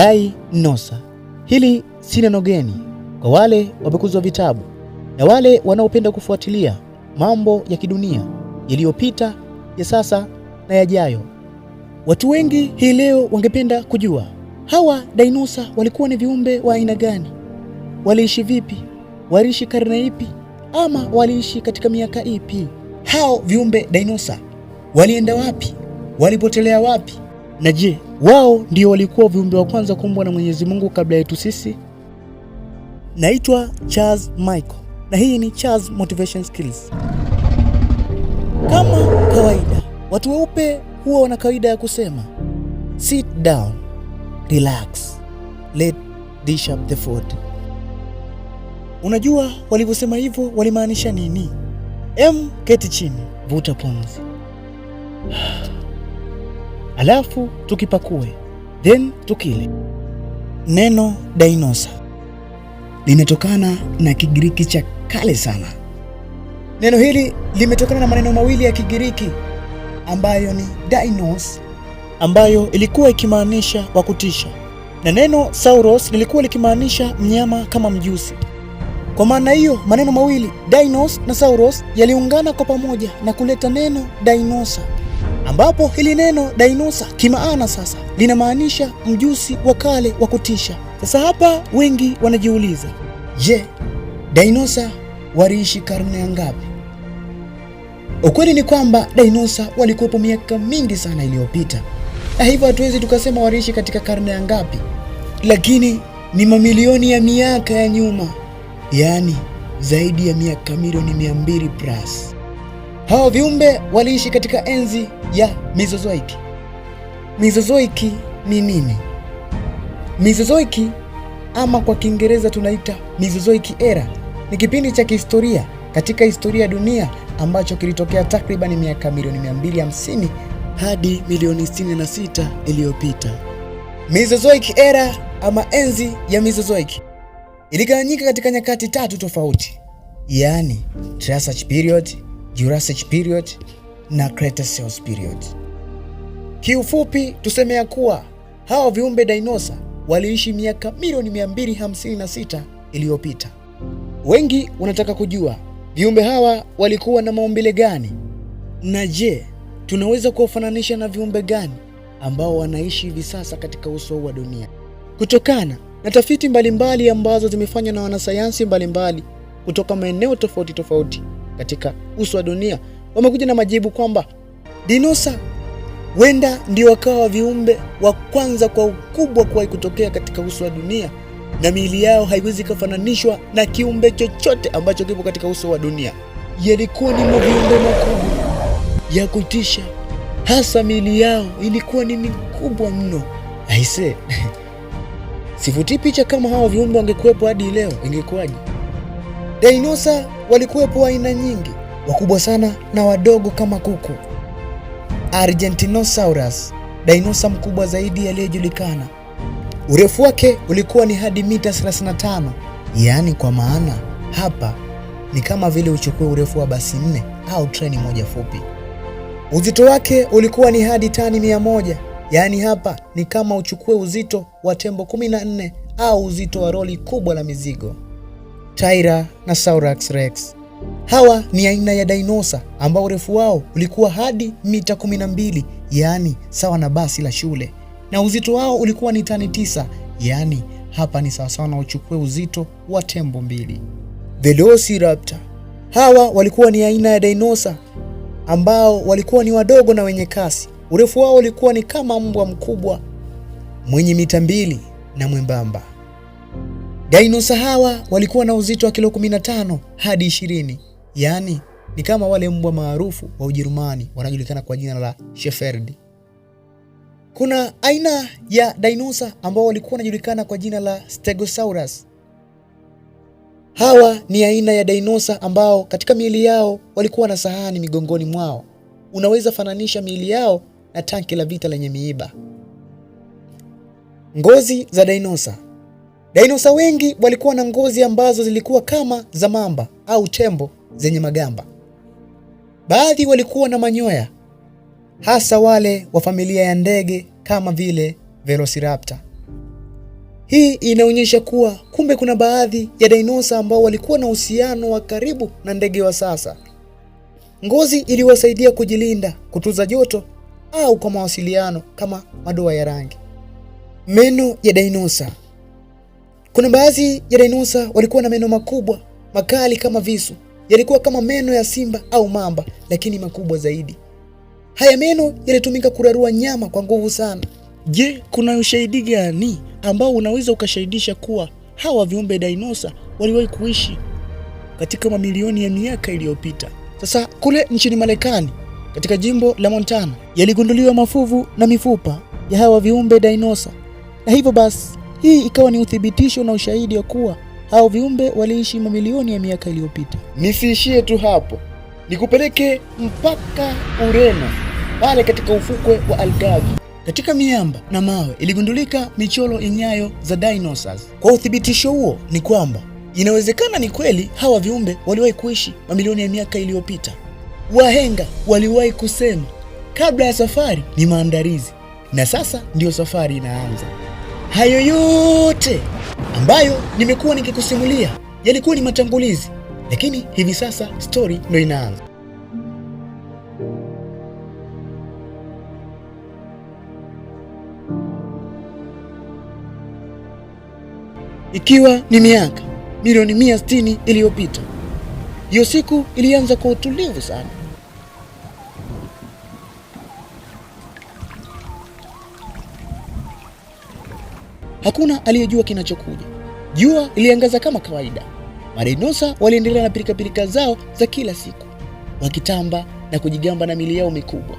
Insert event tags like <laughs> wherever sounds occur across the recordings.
Dai Nosa. Hili si neno geni kwa wale wapekuzwa vitabu na wale wanaopenda kufuatilia mambo ya kidunia yaliyopita, ya sasa na yajayo. Watu wengi hii leo wangependa kujua hawa dinosa walikuwa ni viumbe wa aina gani? Waliishi vipi? Waliishi karne ipi? Ama waliishi katika miaka ipi? Hao viumbe dinosa walienda wapi? Walipotelea wapi? Na je, wao ndio walikuwa viumbe wa kwanza kuumbwa na Mwenyezi Mungu kabla yetu sisi. Naitwa Charles Michael na hii ni Charles Motivation Skills. Kama kawaida, watu weupe huwa wana kawaida ya kusema sit down, relax, let dish up the food. Unajua walivyosema hivyo walimaanisha nini? Em, keti chini, vuta pumzi alafu tukipakue then tukile. Neno dinosa linatokana na Kigiriki cha kale sana. Neno hili limetokana na maneno mawili ya Kigiriki ambayo ni dinos, ambayo ilikuwa ikimaanisha wa kutisha, na neno sauros lilikuwa likimaanisha mnyama kama mjusi. Kwa maana hiyo, maneno mawili dinos na sauros yaliungana kwa pamoja na kuleta neno dinosa ambapo hili neno dainosa kimaana sasa linamaanisha mjusi wa kale wa kutisha. Sasa hapa wengi wanajiuliza, je, dainosa waliishi karne ya ngapi? Ukweli ni kwamba dainosa walikuwepo miaka mingi sana iliyopita, na hivyo hatuwezi tukasema waliishi katika karne ya ngapi, lakini ni mamilioni ya miaka ya nyuma, yaani zaidi ya miaka milioni mia mbili plus hawa viumbe waliishi katika enzi ya Mesozoiki. Mesozoiki ni nini? Mesozoiki ama kwa Kiingereza tunaita Mesozoic era ni kipindi cha kihistoria katika historia ya dunia ambacho kilitokea takribani miaka milioni 250 hadi milioni 66 iliyopita. Mesozoic era ama enzi ya Mesozoic iligawanyika katika nyakati tatu tofauti, yaani Triassic period Jurassic period na Cretaceous period. Kiufupi tuseme ya kuwa hawa viumbe dinosa waliishi miaka milioni 256 iliyopita. Wengi wanataka kujua viumbe hawa walikuwa na maumbile gani, na je, tunaweza kuwafananisha na viumbe gani ambao wanaishi hivi sasa katika uso wa dunia? Kutokana na tafiti mbalimbali ambazo zimefanywa na wanasayansi mbalimbali kutoka maeneo tofauti tofauti katika uso wa dunia, wamekuja na majibu kwamba dinosa wenda ndio wakawa viumbe wa kwanza kwa ukubwa kuwahi kutokea katika uso wa dunia, na miili yao haiwezi ikafananishwa na kiumbe chochote ambacho kipo katika uso wa dunia. Yalikuwa ni maviumbe makubwa ya kutisha, hasa miili yao ilikuwa ni mikubwa mno. Aise, <laughs> sifutii picha. Kama hao viumbe wangekuwepo hadi leo, ingekuwaje? Dinosa walikuwepo aina nyingi, wakubwa sana na wadogo kama kuku. Argentinosaurus, dinosa mkubwa zaidi aliyejulikana. Urefu wake ulikuwa ni hadi mita 35, yaani kwa maana hapa ni kama vile uchukue urefu wa basi nne au treni moja fupi. Uzito wake ulikuwa ni hadi tani mia moja, yaani hapa ni kama uchukue uzito wa tembo 14 au uzito wa roli kubwa la mizigo. Tyra na Saurax Rex. Hawa ni aina ya dinosa ambao urefu wao ulikuwa hadi mita 12, yaani sawa na basi la shule, na uzito wao ulikuwa ni tani tisa, yaani hapa ni sawasawa na uchukue uzito wa tembo mbili. Velociraptor. Hawa walikuwa ni aina ya dinosa ambao walikuwa ni wadogo na wenye kasi. Urefu wao ulikuwa ni kama mbwa mkubwa mwenye mita mbili na mwembamba. Dinosa hawa walikuwa na uzito wa kilo 15 hadi 20, yaani ni kama wale mbwa maarufu wa Ujerumani wanajulikana kwa jina la Sheferdi. Kuna aina ya dinosa ambao walikuwa wanajulikana kwa jina la Stegosaurus. Hawa ni aina ya dinosa ambao katika miili yao walikuwa na sahani migongoni mwao. Unaweza fananisha miili yao na tanki la vita lenye miiba. Ngozi za dinosa Dinosa wengi walikuwa na ngozi ambazo zilikuwa kama za mamba au tembo zenye magamba. Baadhi walikuwa na manyoya, hasa wale wa familia ya ndege kama vile Velociraptor. Hii inaonyesha kuwa kumbe kuna baadhi ya dinosa ambao walikuwa na uhusiano wa karibu na ndege wa sasa. Ngozi iliwasaidia kujilinda, kutuza joto au kwa mawasiliano kama madoa ya rangi. Meno ya dinosa kuna baadhi ya dinosa walikuwa na meno makubwa makali kama visu, yalikuwa kama meno ya simba au mamba, lakini makubwa zaidi. Haya meno yalitumika kurarua nyama kwa nguvu sana. Je, kuna ushahidi gani ambao unaweza ukashahidisha kuwa hawa viumbe dinosa waliwahi kuishi katika mamilioni ya miaka iliyopita? Sasa kule nchini Marekani, katika jimbo la Montana, yaligunduliwa mafuvu na mifupa ya hawa viumbe dinosa, na hivyo basi hii ikawa ni uthibitisho na ushahidi wa kuwa hao viumbe waliishi mamilioni ya miaka iliyopita. Nisiishie tu hapo, nikupeleke mpaka Ureno. Pale katika ufukwe wa Algarve, katika miamba na mawe iligundulika michoro ya nyayo za dinosaurs. Kwa uthibitisho huo, ni kwamba inawezekana ni kweli hawa viumbe waliwahi kuishi mamilioni ya miaka iliyopita. Wahenga waliwahi kusema kabla ya safari ni maandalizi, na sasa ndiyo safari inaanza. Hayo yote ambayo nimekuwa nikikusimulia yalikuwa ni matangulizi, lakini hivi sasa stori ndo inaanza. Ikiwa ni miaka milioni mia sitini iliyopita, hiyo siku ilianza kwa utulivu sana. Hakuna aliyejua kinachokuja. Jua liliangaza kama kawaida. Marenosa waliendelea na pirikapirika zao za kila siku, wakitamba na kujigamba na mili yao mikubwa,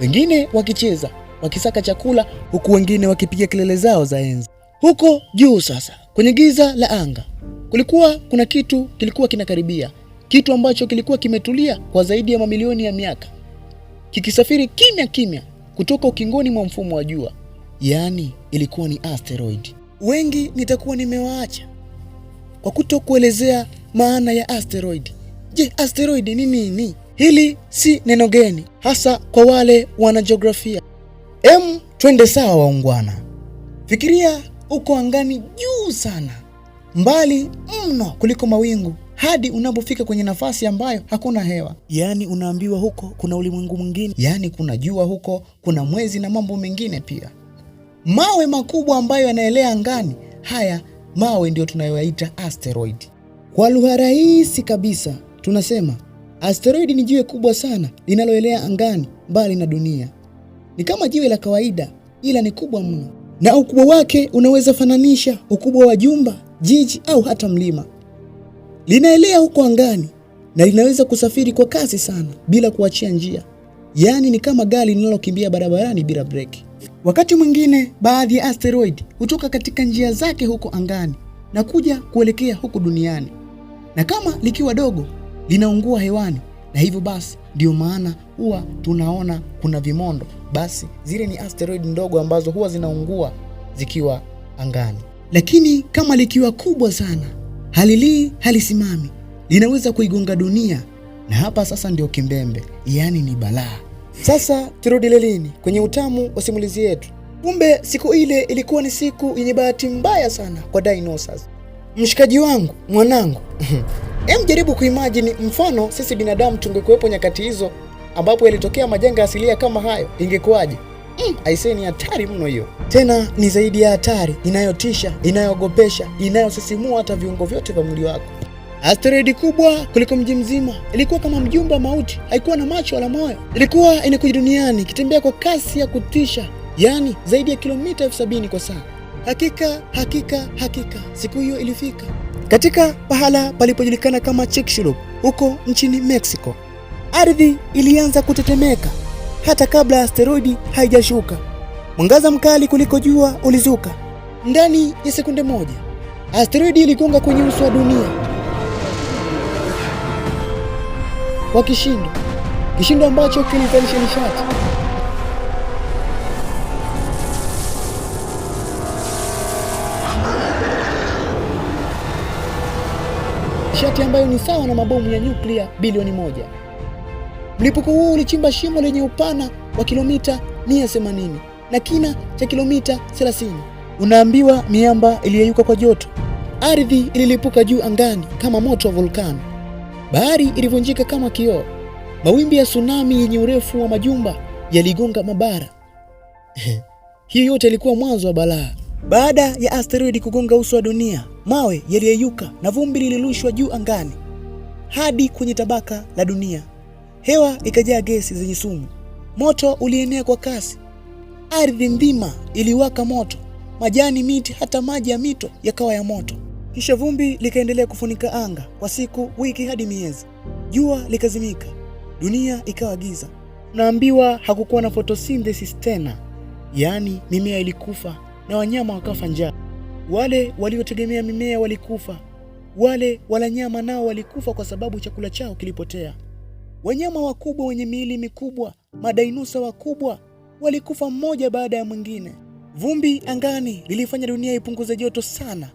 wengine wakicheza, wakisaka chakula, huku wengine wakipiga kelele zao za enzi. Huko juu sasa, kwenye giza la anga, kulikuwa kuna kitu kilikuwa kinakaribia, kitu ambacho kilikuwa kimetulia kwa zaidi ya mamilioni ya miaka, kikisafiri kimya kimya kutoka ukingoni mwa mfumo wa jua yaani ilikuwa ni asteroid. Wengi nitakuwa nimewaacha kwa kutokuelezea maana ya asteroid. Je, asteroid ni nini? Hili si neno geni hasa kwa wale wana jiografia Em, twende sawa waungwana. Fikiria uko angani juu sana, mbali mno kuliko mawingu, hadi unapofika kwenye nafasi ambayo hakuna hewa, yaani unaambiwa huko kuna ulimwengu mwingine, yaani kuna jua huko, kuna mwezi na mambo mengine pia mawe makubwa ambayo yanaelea angani. Haya mawe ndiyo tunayoyaita asteroid. Kwa lugha rahisi kabisa, tunasema asteroidi ni jiwe kubwa sana linaloelea angani mbali na dunia. Ni kama jiwe la kawaida, ila ni kubwa mno, na ukubwa wake unaweza fananisha ukubwa wa jumba, jiji au hata mlima. Linaelea huko angani na linaweza kusafiri kwa kasi sana bila kuachia njia, yaani ni kama gari linalokimbia barabarani bila breki. Wakati mwingine baadhi ya asteroid hutoka katika njia zake huko angani na kuja kuelekea huku duniani, na kama likiwa dogo linaungua hewani, na hivyo basi ndio maana huwa tunaona kuna vimondo. Basi zile ni asteroid ndogo ambazo huwa zinaungua zikiwa angani, lakini kama likiwa kubwa sana halilii, halisimami, linaweza kuigonga dunia, na hapa sasa ndio kimbembe, yaani ni balaa. Sasa turudi lelini kwenye utamu wa simulizi yetu. Kumbe siku ile ilikuwa ni siku yenye bahati mbaya sana kwa dinosaurs. Mshikaji wangu, mwanangu, <laughs> hem jaribu kuimagine mfano sisi binadamu tungekuwepo nyakati hizo ambapo yalitokea majanga asilia kama hayo, ingekuwaje? Mm, aisee ni hatari mno hiyo. Tena ni zaidi ya hatari, inayotisha, inayogopesha inayosisimua hata viungo vyote vya mwili wako. Asteroidi kubwa kuliko mji mzima, ilikuwa kama mjumba mauti, haikuwa na macho wala moyo. Ilikuwa inakuja duniani ikitembea kwa kasi ya kutisha, yaani zaidi ya kilomita elfu sabini kwa saa. Hakika, hakika, hakika siku hiyo ilifika katika pahala palipojulikana kama Chicxulub huko nchini Mexico. Ardhi ilianza kutetemeka hata kabla asteroidi haijashuka. Mwangaza mkali kuliko jua ulizuka. Ndani ya sekunde moja asteroidi iligonga kwenye uso wa dunia. kwa kishindo, kishindo ambacho kilizalisha nishati nishati ambayo ni sawa na mabomu ya nyuklia bilioni moja. Mlipuko huu ulichimba shimo lenye upana wa kilomita 180 na kina cha kilomita 30. Unaambiwa miamba iliyeyuka kwa joto, ardhi ililipuka juu angani kama moto wa volkano. Bahari ilivunjika kama kioo. Mawimbi ya tsunami yenye urefu wa majumba yaligonga mabara. <laughs> hiyo yote ilikuwa mwanzo wa balaa. Baada ya asteroidi kugonga uso wa dunia, mawe yaliyeyuka na vumbi lilirushwa juu angani hadi kwenye tabaka la dunia. Hewa ikajaa gesi zenye sumu. Moto ulienea kwa kasi, ardhi nzima iliwaka moto, majani, miti, hata maji ya mito yakawa ya moto. Kisha vumbi likaendelea kufunika anga kwa siku, wiki hadi miezi. Jua likazimika, dunia ikawa giza. Naambiwa hakukuwa na photosynthesis tena, yaani mimea ilikufa na wanyama wakafa njaa. Wale waliotegemea mimea walikufa, wale wala nyama nao walikufa kwa sababu chakula chao kilipotea. Wanyama wakubwa wenye miili mikubwa, madainusa wakubwa, walikufa mmoja baada ya mwingine. Vumbi angani lilifanya dunia ipunguze joto sana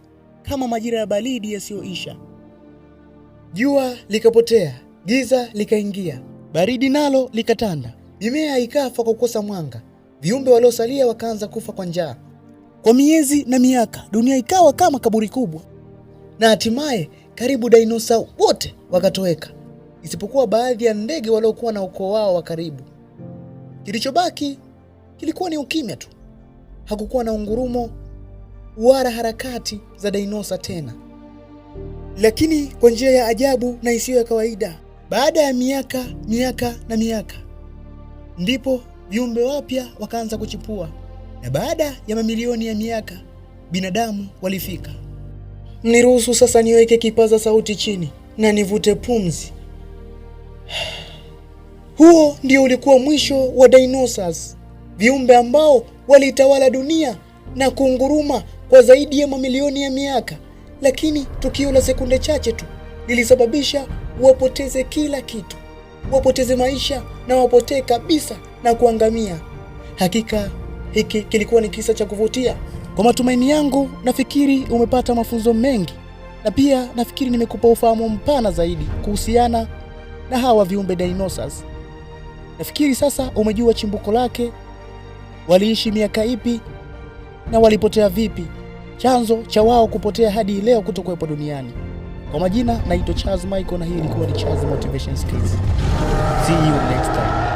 kama majira ya baridi yasiyoisha. Jua likapotea, giza likaingia, baridi nalo likatanda. Mimea ikafa kwa kukosa mwanga, viumbe waliosalia wakaanza kufa kwa njaa. Kwa miezi na miaka, dunia ikawa kama kaburi kubwa, na hatimaye karibu dinosa wote wakatoweka, isipokuwa baadhi ya ndege waliokuwa na ukoo wao wa karibu. Kilichobaki kilikuwa ni ukimya tu, hakukuwa na ungurumo wala harakati za dinosa tena, lakini kwa njia ya ajabu na isiyo ya kawaida. Baada ya miaka miaka na miaka, ndipo viumbe wapya wakaanza kuchipua, na baada ya mamilioni ya miaka binadamu walifika. Niruhusu sasa niweke kipaza sauti chini na nivute pumzi. Huo ndio ulikuwa mwisho wa dinosaurs, viumbe ambao walitawala dunia na kunguruma kwa zaidi ya mamilioni ya miaka, lakini tukio la sekunde chache tu lilisababisha wapoteze kila kitu, wapoteze maisha na wapotee kabisa na kuangamia. Hakika hiki kilikuwa ni kisa cha kuvutia. Kwa matumaini yangu, nafikiri umepata mafunzo mengi na pia nafikiri nimekupa ufahamu mpana zaidi kuhusiana na hawa viumbe dinosaurs. Nafikiri sasa umejua chimbuko lake, waliishi miaka ipi na walipotea vipi, chanzo cha wao kupotea hadi leo kutokuwepo duniani. Kwa majina naitwa Charles Michael na hii ilikuwa ni Charles Motivation Skills. See you next time.